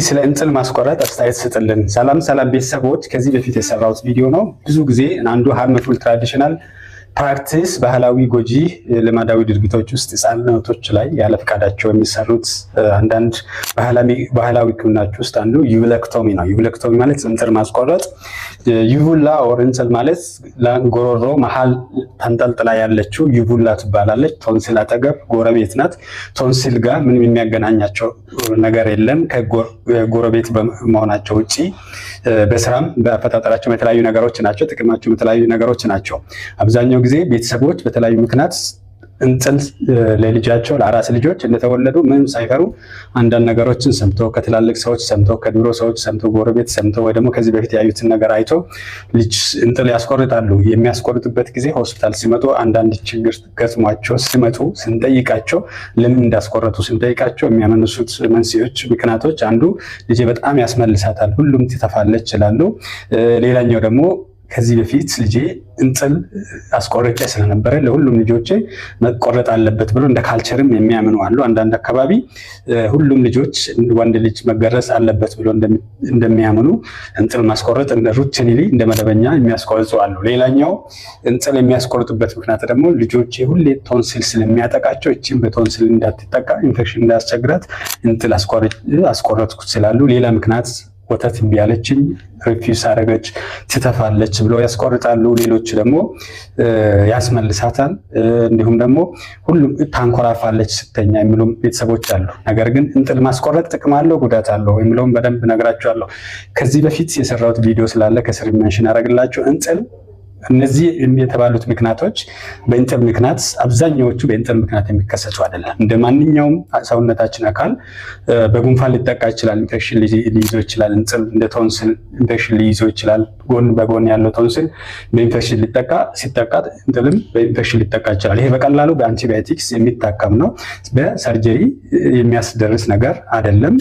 እስቲ ስለ እንጥል ማስቆረጥ አስተያየት ስጥልን። ሰላም ሰላም ቤተሰቦች፣ ከዚህ በፊት የሰራሁት ቪዲዮ ነው። ብዙ ጊዜ አንዱ ሃርምፉል ትራዲሽናል ፓርትስ ባህላዊ ጎጂ ልማዳዊ ድርጊቶች ውስጥ ህጻናቶች ላይ ያለ ፍቃዳቸው የሚሰሩት አንዳንድ ባህላዊ ሕክምናዎች ውስጥ አንዱ ዩብለክቶሚ ነው። ዩብለክቶሚ ማለት እንጥል ማስቆረጥ፣ ዩቡላ ኦር ማለት ጎሮሮ መሀል ተንጠልጥላ ያለችው ዩቡላ ትባላለች። ቶንሲል አጠገብ ጎረቤት ናት። ቶንሲል ጋር ምንም የሚያገናኛቸው ነገር የለም ከጎረቤት መሆናቸው ውጭ በስራም በአፈጣጠራቸው የተለያዩ ነገሮች ናቸው። ጥቅማቸው የተለያዩ ነገሮች ናቸው። አብዛኛው ጊዜ ቤተሰቦች በተለያዩ ምክንያት እንጥል ለልጃቸው ለአራስ ልጆች እንደተወለዱ ምንም ሳይፈሩ አንዳንድ ነገሮችን ሰምቶ ከትላልቅ ሰዎች ሰምቶ ከድሮ ሰዎች ሰምቶ ጎረቤት ሰምቶ ወይ ደግሞ ከዚህ በፊት ያዩትን ነገር አይቶ ልጅ እንጥል ያስቆርጣሉ። የሚያስቆርጡበት ጊዜ ሆስፒታል ሲመጡ አንዳንድ ችግር ገጥሟቸው ሲመጡ ስንጠይቃቸው ለምን እንዳስቆረጡ ስንጠይቃቸው የሚያመነሱት መንስኤዎች፣ ምክንያቶች አንዱ ልጄ በጣም ያስመልሳታል፣ ሁሉም ትተፋለች ይችላሉ። ሌላኛው ደግሞ ከዚህ በፊት ልጄ እንጥል አስቆረጫ ስለነበረ ለሁሉም ልጆቼ መቆረጥ አለበት ብሎ እንደ ካልቸርም የሚያምኑ አሉ። አንዳንድ አካባቢ ሁሉም ልጆች ወንድ ልጅ መገረዝ አለበት ብሎ እንደሚያምኑ እንጥል ማስቆረጥ እንደ ሩቲን እንደ መደበኛ የሚያስቆርጹ አሉ። ሌላኛው እንጥል የሚያስቆርጡበት ምክንያት ደግሞ ልጆቼ ሁሌ ቶንሲል ስለሚያጠቃቸው እችም በቶንስል እንዳትጠቃ ኢንፌክሽን እንዳያስቸግራት እንጥል አስቆረጥኩት ስላሉ ሌላ ምክንያት ወተት እምቢ አለችኝ፣ ሪፊውስ ትተፋለች ብለው ያስቆርጣሉ። ሌሎች ደግሞ ያስመልሳታል። እንዲሁም ደግሞ ሁሉም ታንኮራፋለች ስተኛ የሚሉም ቤተሰቦች አሉ። ነገር ግን እንጥል ማስቆረጥ ጥቅም አለው ጉዳት አለው የሚለውም በደንብ ነግራችኋለሁ። ከዚህ በፊት የሰራሁት ቪዲዮ ስላለ ከስር መንሽን ያደረግላችሁ እንጥል እነዚህ የተባሉት ምክንያቶች በኢንተር ምክንያት አብዛኛዎቹ በእንጥል ምክንያት የሚከሰቱ አይደለም። እንደ ማንኛውም ሰውነታችን አካል በጉንፋን ሊጠቃ ይችላል፣ ኢንፌክሽን ሊይዘው ይችላል። እንጥል እንደ ቶንስል ኢንፌክሽን ሊይዘው ይችላል። ጎን በጎን ያለው ቶንስል በኢንፌክሽን ሊጠቃ ሲጠቃ እንጥልም በኢንፌክሽን ሊጠቃ ይችላል። ይሄ በቀላሉ በአንቲባዮቲክስ የሚታከም ነው። በሰርጀሪ የሚያስደርስ ነገር አይደለም።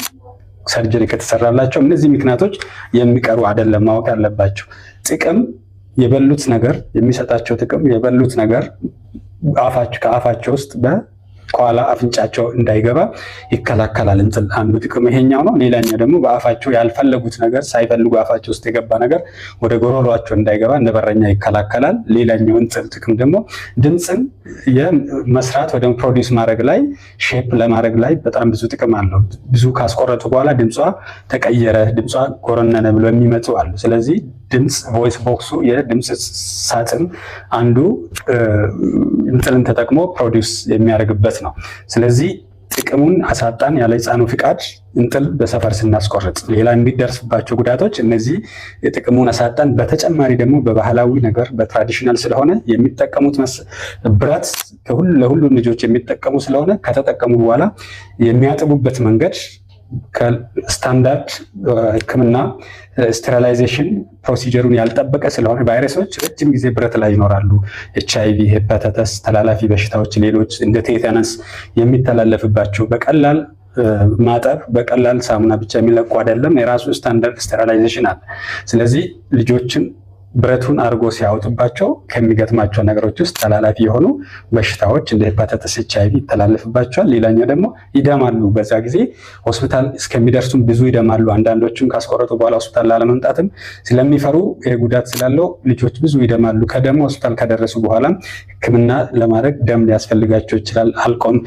ሰርጀሪ ከተሰራላቸው እነዚህ ምክንያቶች የሚቀሩ አይደለም። ማወቅ ያለባቸው ጥቅም የበሉት ነገር የሚሰጣቸው ጥቅም የበሉት ነገር ከአፋቸው ውስጥ በኋላ አፍንጫቸው እንዳይገባ ይከላከላል። እንትን አንዱ ጥቅም ይሄኛው ነው። ሌላኛው ደግሞ በአፋቸው ያልፈለጉት ነገር ሳይፈልጉ አፋቸው ውስጥ የገባ ነገር ወደ ጎሮሯቸው እንዳይገባ እንደ በረኛ ይከላከላል። ሌላኛው እንጥል ጥቅም ደግሞ ድምፅን የመስራት ወደ ፕሮዲስ ማድረግ ላይ ሼፕ ለማድረግ ላይ በጣም ብዙ ጥቅም አለው። ብዙ ካስቆረጡ በኋላ ድምጿ ተቀየረ፣ ድምጿ ጎረነነ ብሎ የሚመጡ አሉ። ስለዚህ ድምፅ ቮይስ ቦክሱ የድምፅ ሳጥን አንዱ እንትንን ተጠቅሞ ፕሮዲውስ የሚያደርግበት ነው። ስለዚህ ጥቅሙን አሳጣን ያለ ህፃኑ ፍቃድ እንጥል በሰፈር ስናስቆርጥ ሌላ የሚደርስባቸው ጉዳቶች እነዚህ ጥቅሙን አሳጣን። በተጨማሪ ደግሞ በባህላዊ ነገር በትራዲሽናል ስለሆነ የሚጠቀሙት ብረት ለሁሉም ልጆች የሚጠቀሙ ስለሆነ ከተጠቀሙ በኋላ የሚያጥቡበት መንገድ ስታንዳርድ ህክምና ስቴሪላይዜሽን ፕሮሲጀሩን ያልጠበቀ ስለሆነ ቫይረሶች ረጅም ጊዜ ብረት ላይ ይኖራሉ። ኤች አይቪ፣ ሄፓታተስ፣ ተላላፊ በሽታዎች፣ ሌሎች እንደ ቴታነስ የሚተላለፍባቸው በቀላል ማጠብ በቀላል ሳሙና ብቻ የሚለቁ አይደለም። የራሱ ስታንዳርድ ስተሪላይዜሽን አለ። ስለዚህ ልጆችን ብረቱን አድርጎ ሲያወጡባቸው ከሚገጥማቸው ነገሮች ውስጥ ተላላፊ የሆኑ በሽታዎች እንደ ሄፓታይተስ ኤች አይቪ ይተላለፍባቸዋል። ሌላኛው ደግሞ ይደማሉ። በዛ ጊዜ ሆስፒታል እስከሚደርሱም ብዙ ይደማሉ። አንዳንዶቹም ካስቆረጡ በኋላ ሆስፒታል ላለመምጣትም ስለሚፈሩ ጉዳት ስላለው ልጆች ብዙ ይደማሉ። ከደሞ ሆስፒታል ከደረሱ በኋላ ሕክምና ለማድረግ ደም ሊያስፈልጋቸው ይችላል። አልቆም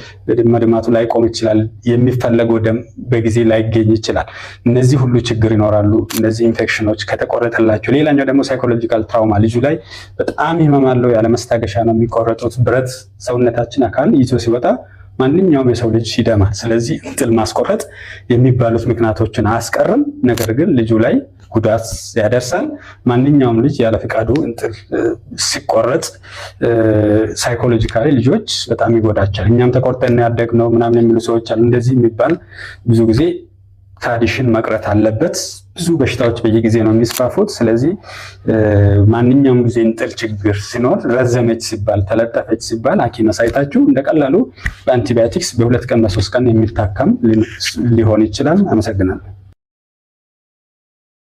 መድማቱ ላይቆም ይችላል። የሚፈለገው ደም በጊዜ ላይገኝ ይችላል። እነዚህ ሁሉ ችግር ይኖራሉ። እነዚህ ኢንፌክሽኖች ከተቆረጠላቸው ሌላኛው ደግሞ ሳይኮ ሳይኮሎጂካል ትራውማ ልጁ ላይ በጣም ህመም ያለመስታገሻ ነው የሚቆረጡት ብረት ሰውነታችን አካል ይዞ ሲወጣ ማንኛውም የሰው ልጅ ሲደማ፣ ስለዚህ እንጥል ማስቆረጥ የሚባሉት ምክንያቶችን አያስቀርም። ነገር ግን ልጁ ላይ ጉዳት ያደርሳል። ማንኛውም ልጅ ያለ ፍቃዱ እንጥል ሲቆረጥ ሳይኮሎጂካሊ ልጆች በጣም ይጎዳቸዋል። እኛም ተቆርጠን ነው ምናምን የሚሉ ሰዎች አሉ። እንደዚህ የሚባል ብዙ ጊዜ ትራዲሽን መቅረት አለበት። ብዙ በሽታዎች በየጊዜ ነው የሚስፋፉት። ስለዚህ ማንኛውም ጊዜ እንጥል ችግር ሲኖር ረዘመች ሲባል ተለጠፈች ሲባል ሐኪም ሳይታችሁ እንደቀላሉ በአንቲባዮቲክስ በሁለት ቀን በሶስት ቀን የሚታከም ሊሆን ይችላል። አመሰግናለሁ።